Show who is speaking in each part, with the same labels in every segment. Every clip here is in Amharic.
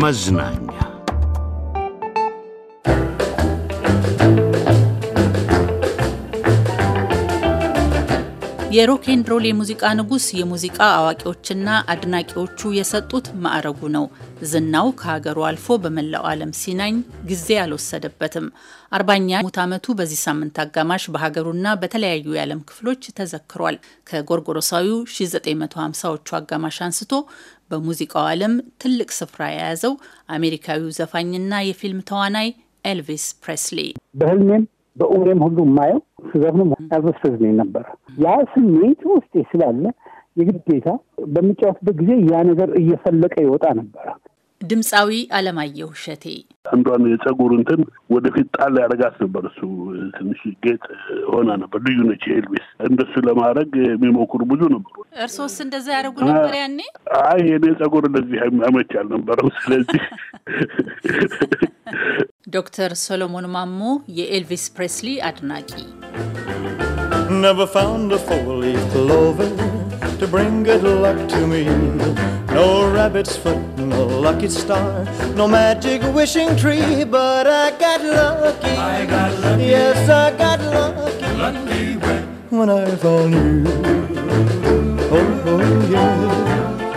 Speaker 1: መዝናኛ
Speaker 2: የሮኬንድሮል የሙዚቃ ንጉስ የሙዚቃ አዋቂዎችና አድናቂዎቹ የሰጡት ማዕረጉ ነው። ዝናው ከሀገሩ አልፎ በመላው ዓለም ሲናኝ ጊዜ አልወሰደበትም። አርባኛ ሙት ዓመቱ በዚህ ሳምንት አጋማሽ በሀገሩና በተለያዩ የዓለም ክፍሎች ተዘክሯል። ከጎርጎሮሳዊው 1950ዎቹ አጋማሽ አንስቶ በሙዚቃው ዓለም ትልቅ ስፍራ የያዘው አሜሪካዊው ዘፋኝና የፊልም ተዋናይ ኤልቪስ ፕሬስሊ።
Speaker 3: በህልሜም በእውኔም ሁሉ የማየው ስዘፍንም ኤልቪስ ፕሬስሊ ነበረ። ያ ስሜት ውስጤ ስላለ የግዴታ በሚጫወትበት ጊዜ ያ ነገር እየፈለቀ ይወጣ ነበረ።
Speaker 2: ድምፃዊ አለማየሁ እሸቴ
Speaker 1: አንዷን የጸጉር እንትን ወደፊት ጣል ያደረጋት ነበር። እሱ ትንሽ ጌጥ ሆና ነበር። ልዩ ነች። ኤልቪስ እንደሱ ለማድረግ የሚሞክሩ ብዙ ነበሩ።
Speaker 2: እርሶስ እንደዛ ያደረጉ ነበር ያኔ?
Speaker 1: አይ የኔ ጸጉር እንደዚህ አመች አልነበረም። ስለዚህ
Speaker 2: ዶክተር ሶሎሞን ማሞ የኤልቪስ ፕሬስሊ አድናቂ
Speaker 3: to bring good luck to me. No rabbit's foot, no lucky star, no magic wishing tree, but
Speaker 2: I got lucky. I got lucky. Yes, I got lucky. Lucky when
Speaker 3: I found you.
Speaker 2: Oh, oh, yeah.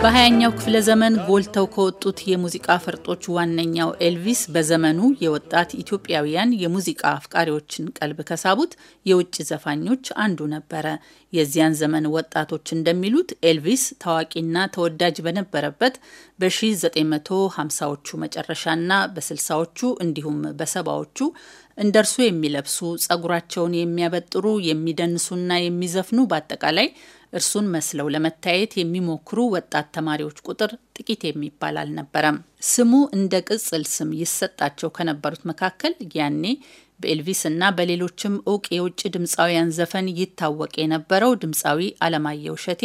Speaker 2: በሀያኛው ክፍለ ዘመን ጎልተው ከወጡት የሙዚቃ ፈርጦች ዋነኛው ኤልቪስ በዘመኑ የወጣት ኢትዮጵያውያን የሙዚቃ አፍቃሪዎችን ቀልብ ከሳቡት የውጭ ዘፋኞች አንዱ ነበረ። የዚያን ዘመን ወጣቶች እንደሚሉት ኤልቪስ ታዋቂና ተወዳጅ በነበረበት በ1950ዎቹ መጨረሻና በ60ዎቹ እንዲሁም በሰባዎቹ እንደ እርሱ የሚለብሱ ጸጉራቸውን የሚያበጥሩ የሚደንሱና የሚዘፍኑ በአጠቃላይ እርሱን መስለው ለመታየት የሚሞክሩ ወጣት ተማሪዎች ቁጥር ጥቂት የሚባል አልነበረም። ስሙ እንደ ቅጽል ስም ይሰጣቸው ከነበሩት መካከል ያኔ በኤልቪስ እና በሌሎችም እውቅ የውጭ ድምፃውያን ዘፈን ይታወቅ የነበረው ድምፃዊ አለማየሁ እሸቴ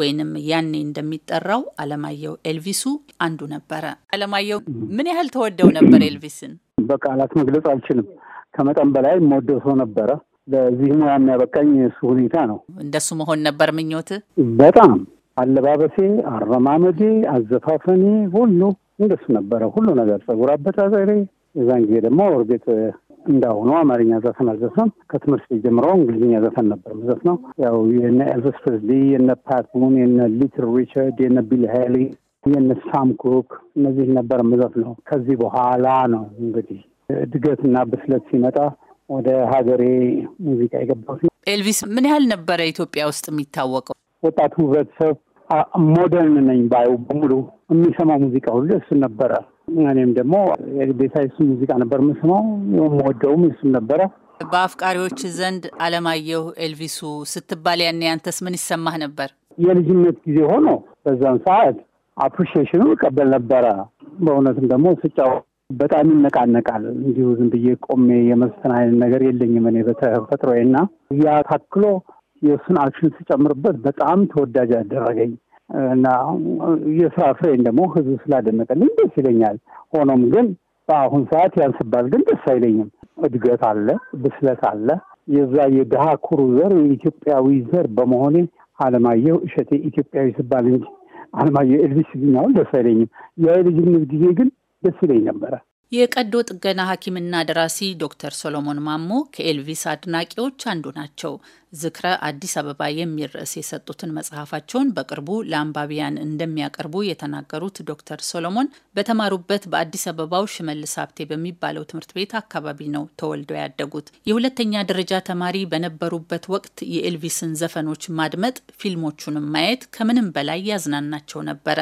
Speaker 2: ወይንም ያኔ እንደሚጠራው አለማየሁ ኤልቪሱ አንዱ ነበረ። አለማየሁ ምን ያህል ተወደው ነበር ኤልቪስን?
Speaker 3: በቃላት መግለጽ አልችልም። ከመጠን በላይ የምወደው ሰው ነበረ። ለዚህ ሙያ የሚያበቃኝ እሱ ሁኔታ ነው።
Speaker 2: እንደሱ መሆን ነበር ምኞት።
Speaker 3: በጣም አለባበሴ፣ አረማመዴ፣ አዘፋፈኔ ሁሉ እንደሱ ነበረ። ሁሉ ነገር ጸጉር አበጣጠሬ። የዛን ጊዜ ደግሞ እርግጥ እንዳሁኑ አማርኛ ዘፈን አልዘፈንም። ከትምህርት ቤት ጀምሮ እንግሊዝኛ ዘፈን ነበር የምዘፍነው። ያው የነ ኤልቪስ ፕሬስሊ፣ የነ ፓት ቡን፣ የነ ሊትል ሪቻርድ፣ የነ ቢል ሃይሊ፣ የነ ሳም ኩክ እነዚህ ነበር የምዘፍነው። ከዚህ በኋላ ነው እንግዲህ እድገትና ብስለት ሲመጣ ወደ ሀገሬ ሙዚቃ የገባሁት።
Speaker 2: ኤልቪስ ምን ያህል ነበረ ኢትዮጵያ ውስጥ የሚታወቀው ወጣቱ ህብረተሰብ? ሞደርን ነኝ ባዩ
Speaker 3: በሙሉ የሚሰማው ሙዚቃ ሁሉ እሱን ነበረ። እኔም ደግሞ ቤታ እሱ ሙዚቃ ነበር የምሰማው የምወደውም እሱን ነበረ።
Speaker 2: በአፍቃሪዎች ዘንድ አለማየሁ ኤልቪሱ ስትባል ያኔ ያንተስ ምን ይሰማህ ነበር?
Speaker 3: የልጅነት ጊዜ ሆኖ በዛን ሰዓት አፕሪሺዬሽኑ እቀበል ነበረ። በእውነትም ደግሞ ስጫወት በጣም ይነቃነቃል። እንዲሁ ዝም ብዬ ቆሜ የመዝፈን አይነት ነገር የለኝም እኔ በተፈጥሮዬ እና ያ ታክሎ የእሱን አክሽን ስጨምርበት በጣም ተወዳጅ ያደረገኝ እና የስራ ፍሬን ደግሞ ህዝብ ስላደነቀልኝ ደስ ይለኛል። ሆኖም ግን በአሁን ሰዓት ያንስባል፣ ግን ደስ አይለኝም። እድገት አለ፣ ብስለት አለ። የዛ የድሃ ኩሩ ዘር የኢትዮጵያዊ ዘር በመሆኔ አለማየሁ እሸቴ ኢትዮጵያዊ ስባል እንጂ አለማየሁ ኤልቪስ ግኛውን ደስ አይለኝም። የልጅነት ጊዜ ግን ደስ ይለኝ ነበረ።
Speaker 2: የቀዶ ጥገና ሐኪምና ደራሲ ዶክተር ሶሎሞን ማሞ ከኤልቪስ አድናቂዎች አንዱ ናቸው። ዝክረ አዲስ አበባ የሚል ርዕስ የሰጡትን መጽሐፋቸውን በቅርቡ ለአንባቢያን እንደሚያቀርቡ የተናገሩት ዶክተር ሶሎሞን በተማሩበት በአዲስ አበባው ሽመልስ ሀብቴ በሚባለው ትምህርት ቤት አካባቢ ነው ተወልደው ያደጉት። የሁለተኛ ደረጃ ተማሪ በነበሩበት ወቅት የኤልቪስን ዘፈኖች ማድመጥ፣ ፊልሞቹንም ማየት ከምንም በላይ ያዝናናቸው ነበረ።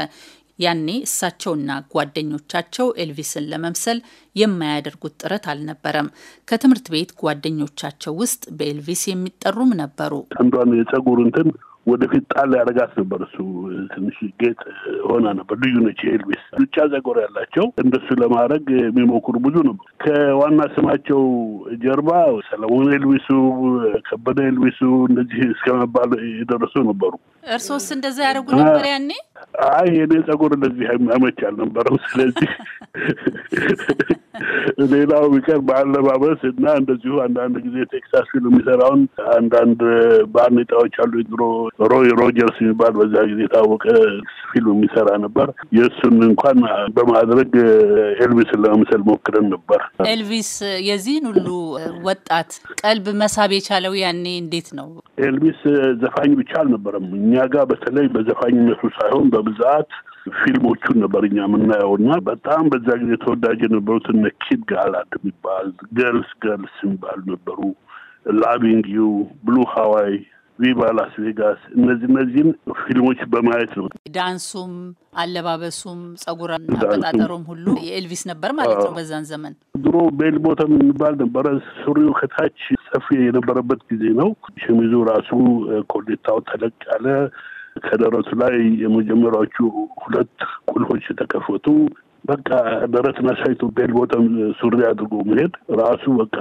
Speaker 2: ያኔ እሳቸውና ጓደኞቻቸው ኤልቪስን ለመምሰል የማያደርጉት ጥረት አልነበረም። ከትምህርት ቤት ጓደኞቻቸው ውስጥ በኤልቪስ የሚጠሩም ነበሩ።
Speaker 1: አንዷን የጸጉር እንትን ወደፊት ጣል ያደረጋት ነበር። እሱ ትንሽ ጌጥ ሆና ነበር። ልዩ ነች። ኤልቪስ ሉጫ ጸጉር ያላቸው እንደሱ ለማድረግ የሚሞክሩ ብዙ ነበር። ከዋና ስማቸው ጀርባ ሰለሞን ኤልቪሱ፣ ከበደ ኤልቪሱ እንደዚህ እስከመባል የደረሱ ነበሩ።
Speaker 2: እርሶስ እንደዛ ያደርጉ ነበር ያኔ?
Speaker 1: አይ የኔ ጸጉር እንደዚህ አመች አልነበረም። ስለዚህ ሌላው ቢቀር በአለባበስ እና እንደዚሁ አንዳንድ ጊዜ ቴክሳስ ፊልም የሚሰራውን አንዳንድ ባርኔጣዎች አሉ። ድሮ ሮይ ሮጀርስ የሚባል በዛ ጊዜ የታወቀ ፊልም የሚሰራ ነበር። የእሱን እንኳን በማድረግ ኤልቪስን ለመምሰል ሞክረን ነበር።
Speaker 2: ኤልቪስ የዚህን ሁሉ ወጣት ቀልብ መሳብ የቻለው ያኔ እንዴት ነው?
Speaker 1: ኤልቪስ ዘፋኝ ብቻ አልነበረም። እኛ ጋር በተለይ በዘፋኝነቱ ሳይሆን አሁን በብዛት ፊልሞቹን ነበር እኛ የምናየው እና በጣም በዛ ጊዜ ተወዳጅ የነበሩት እነ ኪድ የሚባል ገርልስ ገርልስ የሚባሉ ነበሩ። ላቪንግ ዩ፣ ብሉ ሀዋይ፣ ቪቫ ላስ ቬጋስ እነዚህ እነዚህን ፊልሞች በማየት ነው።
Speaker 2: ዳንሱም፣ አለባበሱም፣ ጸጉር አበጣጠሩም ሁሉ የኤልቪስ ነበር ማለት ነው በዛን ዘመን።
Speaker 1: ድሮ ቤል ቦተም የሚባል ነበረ። ሱሪው ከታች ሰፊ የነበረበት ጊዜ ነው። ሸሚዙ ራሱ ኮሌታው ተለቅ ያለ ከደረቱ ላይ የመጀመሪያዎቹ ሁለት ቁልፎች የተከፈቱ በቃ ደረት መሳይቱ ቤል ቦተም ሱሪ አድርጎ መሄድ ራሱ በቃ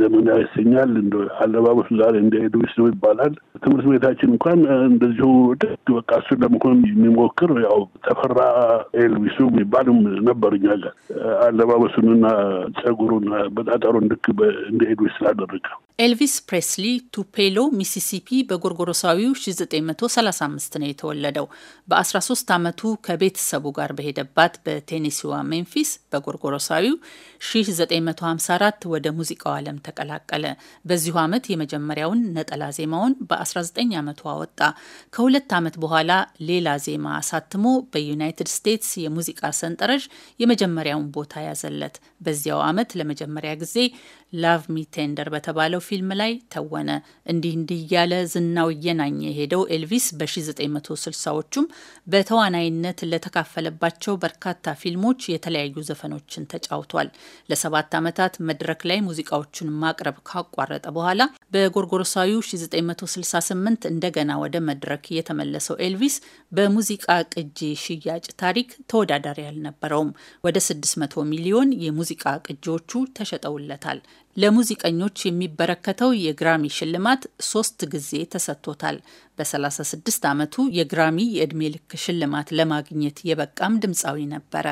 Speaker 1: ዘመናዊ ያሰኛል። እንደ አለባበሱ ዛሬ እንደ ኤድዊስ ነው ይባላል። ትምህርት ቤታችን እንኳን እንደዚሁ ደግ በቃ እሱ ለመሆን የሚሞክር ያው ተፈራ ኤልቪሱ የሚባልም ነበር። እኛ ጋር አለባበሱንና ጸጉሩን በጣጠሩን ልክ እንደ ኤልቪስ ስላደረገ
Speaker 2: ኤልቪስ ፕሬስሊ ቱፔሎ ሚሲሲፒ በጎርጎሮሳዊው 1935 ነው የተወለደው። በ13 ዓመቱ ከቤተሰቡ ጋር በሄደባት በቴኔሲዋ ሜምፊስ በጎርጎሮሳዊው 1954 ወደ ሙዚቃው ዓለም ተቀላቀለ። በዚሁ ዓመት የመጀመሪያውን ነጠላ ዜማውን በ ዓመቱ አወጣ። ከሁለት ዓመት በኋላ ሌላ ዜማ አሳትሞ በዩናይትድ ስቴትስ የሙዚቃ ሰንጠረዥ የመጀመሪያውን ቦታ ያዘለት። በዚያው ዓመት ለመጀመሪያ ጊዜ ላቭ ሚ ቴንደር በተባለው ፊልም ላይ ተወነ። እንዲህ እንዲህ እያለ ዝናው እየናኘ የሄደው ኤልቪስ በ1960ዎቹም በተዋናይነት ለተካፈለባቸው በርካታ ፊልሞች የተለያዩ ዘፈኖችን ተጫውቷል። ለሰባት ዓመታት መድረክ ላይ ሙዚቃዎቹን ማቅረብ ካቋረጠ በኋላ በጎርጎሮሳዊ 1968 እንደገና ወደ መድረክ የተመለሰው ኤልቪስ በሙዚቃ ቅጂ ሽያጭ ታሪክ ተወዳዳሪ አልነበረውም። ወደ 600 ሚሊዮን የሙዚቃ ቅጂዎቹ ተሸጠውለታል። ለሙዚቀኞች የሚበረከተው የግራሚ ሽልማት ሶስት ጊዜ ተሰጥቶታል። በ36 ዓመቱ የግራሚ የዕድሜ ልክ ሽልማት ለማግኘት የበቃም ድምፃዊ ነበረ።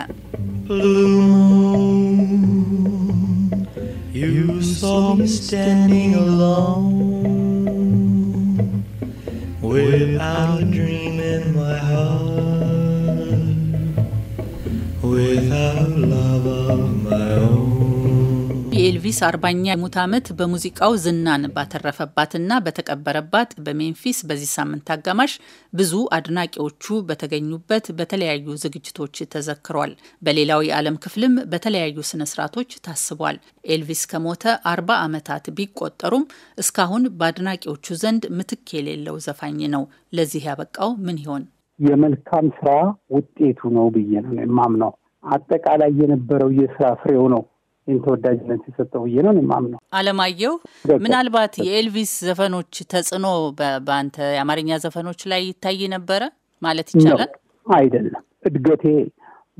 Speaker 3: You saw
Speaker 2: me standing
Speaker 3: alone.
Speaker 2: ዳቪስ አርባኛ የሙት ዓመት በሙዚቃው ዝናን ባተረፈባትና በተቀበረባት በሜንፊስ በዚህ ሳምንት አጋማሽ ብዙ አድናቂዎቹ በተገኙበት በተለያዩ ዝግጅቶች ተዘክሯል። በሌላው የዓለም ክፍልም በተለያዩ ስነስርዓቶች ታስቧል። ኤልቪስ ከሞተ አርባ ዓመታት ቢቆጠሩም እስካሁን በአድናቂዎቹ ዘንድ ምትክ የሌለው ዘፋኝ ነው። ለዚህ ያበቃው ምን ይሆን?
Speaker 3: የመልካም ስራ ውጤቱ ነው ብዬ ነው የማምነው። አጠቃላይ የነበረው የስራ ፍሬው ነው ይህን ተወዳጅነት የሰጠው ብዬ ነው የማምነው።
Speaker 2: አለማየሁ፣ ምናልባት የኤልቪስ ዘፈኖች ተጽዕኖ በአንተ የአማርኛ ዘፈኖች ላይ ይታይ ነበረ ማለት ይቻላል?
Speaker 3: አይደለም። እድገቴ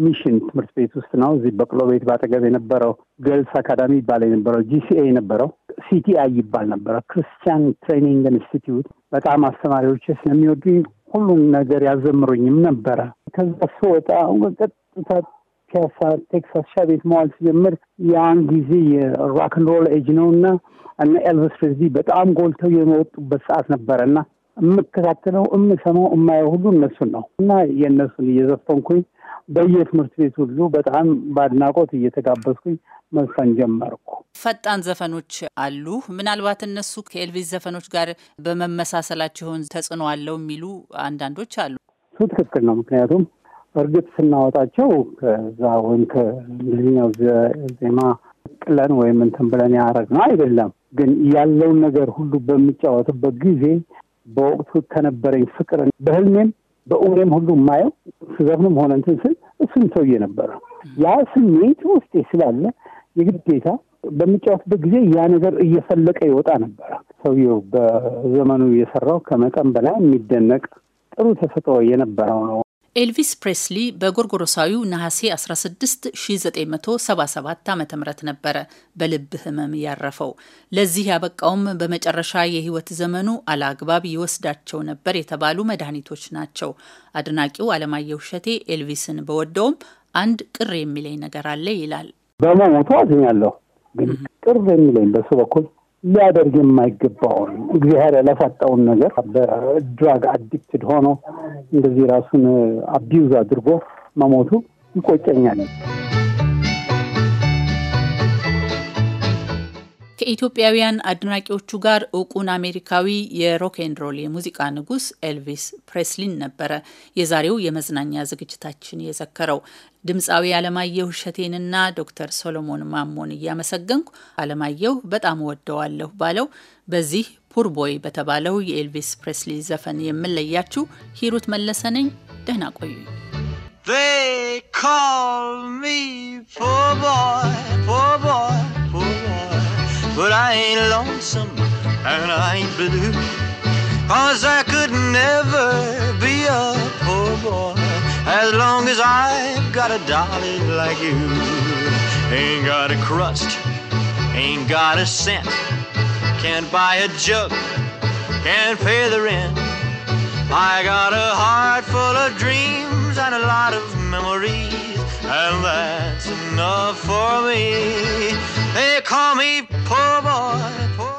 Speaker 3: ሚሽን ትምህርት ቤት ውስጥ ነው። እዚህ በቅሎ ቤት ባጠገብ የነበረው ገርልስ አካዳሚ ይባል የነበረው ጂሲኤ የነበረው ሲቲአይ ይባል ነበረ፣ ክርስቲያን ትሬኒንግ ኢንስቲትዩት። በጣም አስተማሪዎች ስለሚወዱኝ ሁሉም ነገር ያዘምሩኝም ነበረ። ከዛ ስወጣ ቀጥታ ከቴክሳስ ሻቤት መዋል ሲጀምር ያን ጊዜ የሮክንሮል ኤጅ ነው እና እና ኤልቨስ ፕሬዝሊ በጣም ጎልተው የመወጡበት ሰዓት ነበረ እና የምከታተለው የምሰማው የማየው ሁሉ እነሱን ነው እና የእነሱን እየዘፈንኩኝ በየትምህርት ቤት ሁሉ በጣም በአድናቆት እየተጋበዝኩኝ መዝፈን ጀመርኩ።
Speaker 2: ፈጣን ዘፈኖች አሉ። ምናልባት እነሱ ከኤልቪስ ዘፈኖች ጋር በመመሳሰላቸውን ተጽዕኖ አለው የሚሉ አንዳንዶች አሉ።
Speaker 3: እሱ ትክክል ነው። ምክንያቱም እርግጥ ስናወጣቸው ከዛ ወይም ከእንግሊዝኛው ዜማ ቅለን ወይም እንትን ብለን ነው አይደለም። ግን ያለውን ነገር ሁሉ በሚጫወትበት ጊዜ በወቅቱ ከነበረኝ ፍቅር በህልሜም በእውኔም ሁሉ የማየው ስዘፍንም ሆነ እንትን ስል እሱም ሰውዬ ነበረ። ያ ስሜት ውስጤ ስላለ የግዴታ በሚጫወትበት ጊዜ ያ ነገር እየፈለቀ ይወጣ ነበረ። ሰውየው በዘመኑ እየሰራው ከመጠን በላይ የሚደነቅ ጥሩ ተፈጥሮ የነበረው ነው።
Speaker 2: ኤልቪስ ፕሬስሊ በጎርጎሮሳዊው ነሐሴ 16 1977 ዓ ም ነበረ በልብ ህመም ያረፈው። ለዚህ ያበቃውም በመጨረሻ የህይወት ዘመኑ አላግባብ ይወስዳቸው ነበር የተባሉ መድኃኒቶች ናቸው። አድናቂው አለማየሁ እሸቴ ኤልቪስን በወደውም አንድ ቅር የሚለኝ ነገር አለ ይላል።
Speaker 3: በመሞቱ አዝኛለሁ፣ ግን ቅር የሚለኝ በሱ በኩል ሊያደርግ የማይገባውን እግዚአብሔር ያላሳጣውን ነገር በድራግ አዲክትድ ሆኖ እንደዚህ ራሱን አቢዩዝ አድርጎ መሞቱ ይቆጨኛል።
Speaker 2: ከኢትዮጵያውያን አድናቂዎቹ ጋር እውቁን አሜሪካዊ የሮኬንሮል የሙዚቃ ንጉስ ኤልቪስ ፕሬስሊን ነበረ የዛሬው የመዝናኛ ዝግጅታችን የዘከረው። ድምፃዊ አለማየሁ እሸቴንና ዶክተር ሶሎሞን ማሞን እያመሰገንኩ አለማየሁ በጣም ወደዋለሁ ባለው በዚህ ፑርቦይ በተባለው የኤልቪስ ፕሬስሊ ዘፈን የምለያችሁ ሂሩት መለሰ ነኝ። ደህና ቆዩ። They call me poor boy, poor boy.
Speaker 3: But I ain't lonesome and I ain't blue. Cause I could never be a poor boy as long as I've got a darling like you. Ain't got a crust, ain't got a cent, can't buy a jug, can't pay the rent. I got a heart full of dreams and a lot of memories, and that's enough for me. They call me poor boy. Poor